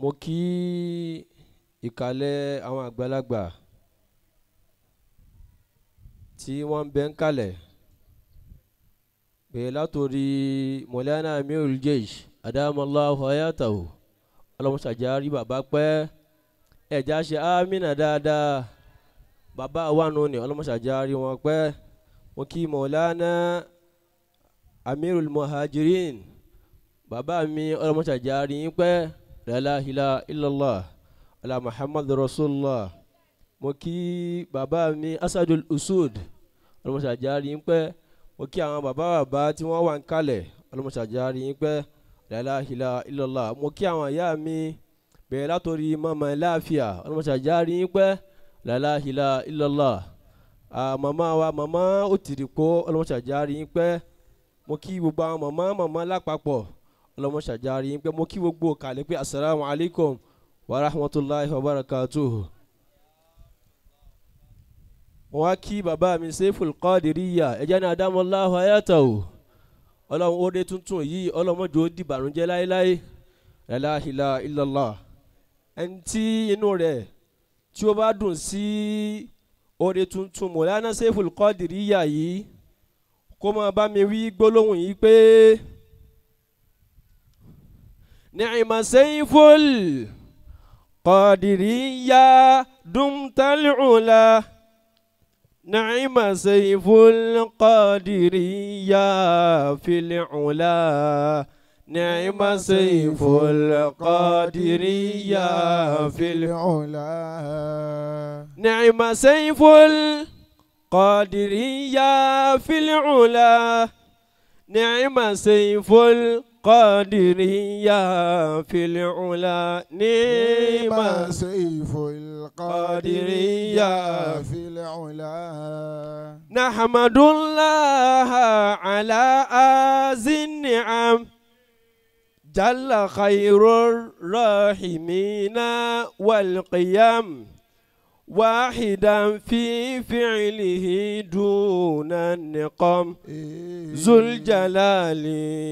mo kí ìkàlẹ̀ àwọn àgbàlagbà tí wọ́n ń bẹ ń kalẹ̀ pé látòrí mọ̀lẹ́nà amirul jeish adamallahu ayatahu ọlọ́mọṣàjárí bàbá pẹ́ ẹ̀já ṣe amínà dáadáa bàbá wánu ni ọlọ́mọṣàjárí wọn pẹ́ mo kí mọ̀lẹ́nà amirul muhajirin bàbá mi ọlọ́mọṣàjárí yín pẹ́ la ilaha illa illallah ala Muhammad rasulullah mo kí bàbá mi asadul usud ọlọmọṣàjárí ń pẹ́ mo kí àwọn bàbá bàbá tí wọ́n wà ń kalẹ̀ ọlọmọṣàjárí ń pẹ́ la ilaha illallah mo kí àwọn ìyá mi bẹ̀rẹ̀ látòrí mama láàfíà ọlọmọṣàjárí ń pẹ́ la ilaha illa illallah màmá wa màmá òtìrìpó ọlọmọṣàjárí ń pẹ́ mo kí gbogbo àwọn màmá màmá lápapọ̀ ọlọ́mọṣàjárí yín pé mo kí gbogbo kàlẹ́ pé asalaamu alaykum wa rahmatulahi wa barakatuhu. wọ́n á kí bàbá mi Seiful Qadiriyya ẹ̀jẹ̀ ní adámọ́láhu ayátàwò ọlọ́run oore tuntun yìí ọlọ́mọdé ó di ìbànújẹ́ láéláé la ilaha illallah ẹni tí inú rẹ̀ tí ó bá dùn sí oore tuntun mọ̀lánà Seiful Qadiriyya yìí kó máa bá mi wí gbólóhùn yìí pé. نعم سيف القادرية دمت العلا نعم سيف القادرية في العلا نعم سيف القادرية في العلا نعم سيف القادرية في العلا نعم سيف القادرية القادرية في العلا نيما سيف القادرية في العلا نحمد الله على آز النعم جل خير الراحمين والقيام واحدا في فعله دون دون النقم إيه. ذو الجلال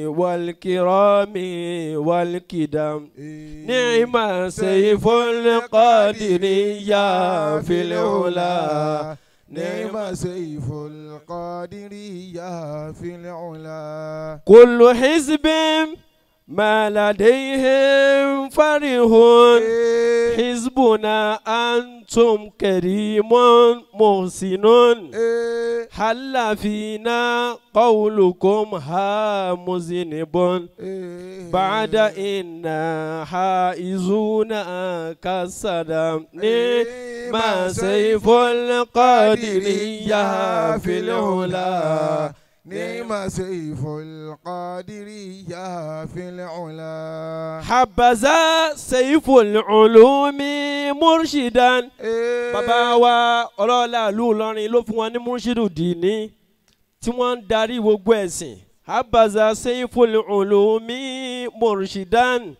والكرام والكدم إيه. نعم سيف القادر يا في العلا نعم, نعم سيف القادر يا في العلا كل حزب ما لديهم فرح إيه. حزبنا أن أنتم كريم محسن حل فينا قولكم ها مذنب بعد إنا حائزون كالسلام ما سيف القادرية في العلا نعم سيف القادرية في العلا حبذا سيف العلوم مرشدا bàbá wa ọlọ́lá ìlú Ìlọrin ló fún wa ní múrṣídù dìní tí wọ́n ń darí gbogbo ẹ̀sìn habaza seiful ulumi murshidan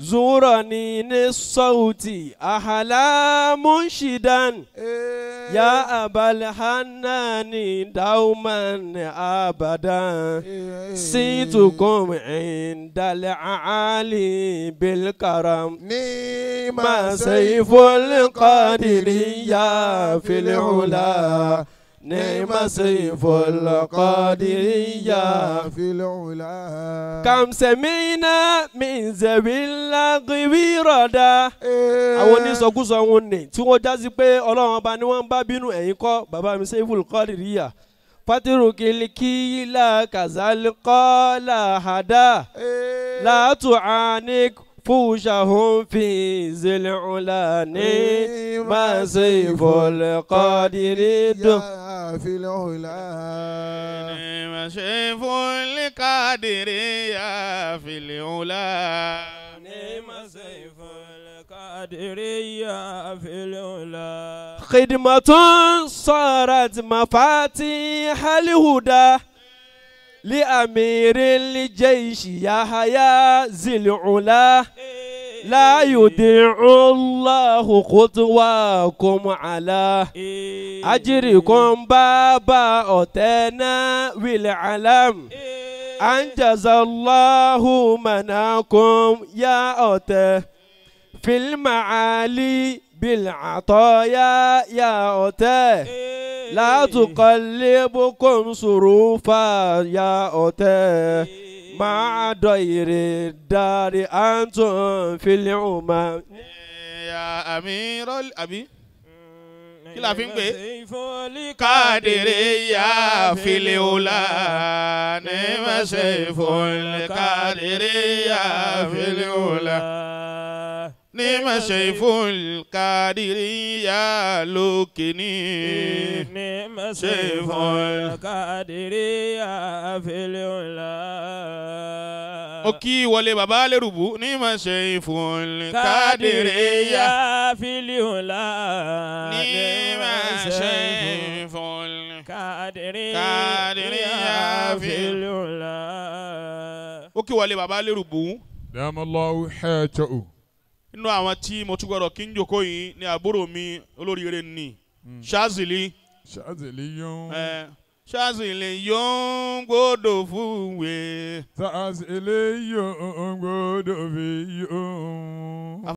zurani ni sauti ahala munshidan ya abal hanani dauman abadan situkum indal ali bil karam ni ma seiful qadiriya fil ula نعم سيف القادرية في العلا كم سمعنا من ذوي اللغو ردا àwọn onísọkúsọ wọn ni tí wọ́n já sí pé ọlọ́run ọba ni wọ́n ń bá bínú ẹ̀yin kọ́ bàbá mi Seiful Qadiriyya fatiru kilikiyila kazalikọ́ làhádà látùánik. فوجهم في ذي علاني ما سيف القادر في العلا ما سيف القادر في العلا ما سيف القادرية في العلا خدمة صارت مفاتيح الهدى لأمير الجيش يحيى ذي العلا لا يدع الله خطواكم على أجركم بابا أتانا والعلم أنجز الله مناكم يا أتى في المعالي بالعطايا يا أتى látùkọ́ lébókòrò sòrò fàyà ọ̀tẹ̀ máa dọ̀ èrè dárí àǹtọ̀n fílẹ̀ ọ̀ma. àmì rọ́lì àbí kí la fi ń pè é. kádìrí ya fìlẹ̀ ọ̀la ní mẹ́sẹ̀ ìfọ̀lẹ̀ kádìrí ya fìlẹ̀ ọ̀la ní ma ṣe fún kadiri ya lókè ní. ní ma ṣe fún kadiri ya fèlè ńlá. mo kí wọlé bàbá lérúbù ní ma ṣe fún kadiri ya fèlè ńlá. ní ma ṣe fún kadiri fèlè ńlá. mo kí wọlé bàbá lérúbù. dàmọ́ lọ́wọ́ hẹ́ẹ́ tó nínú àwọn tí mo tún gbọdọ̀ kí n jòkó yìí ni àbúrò mi olóríire ni hmm. ṣáàzìlì. ṣáàzìlì yóò. ṣáàzìlì yóò gbọdọ̀ fún wẹ̀. ṣáàzìlì yóò gbọdọ̀ fi yóò.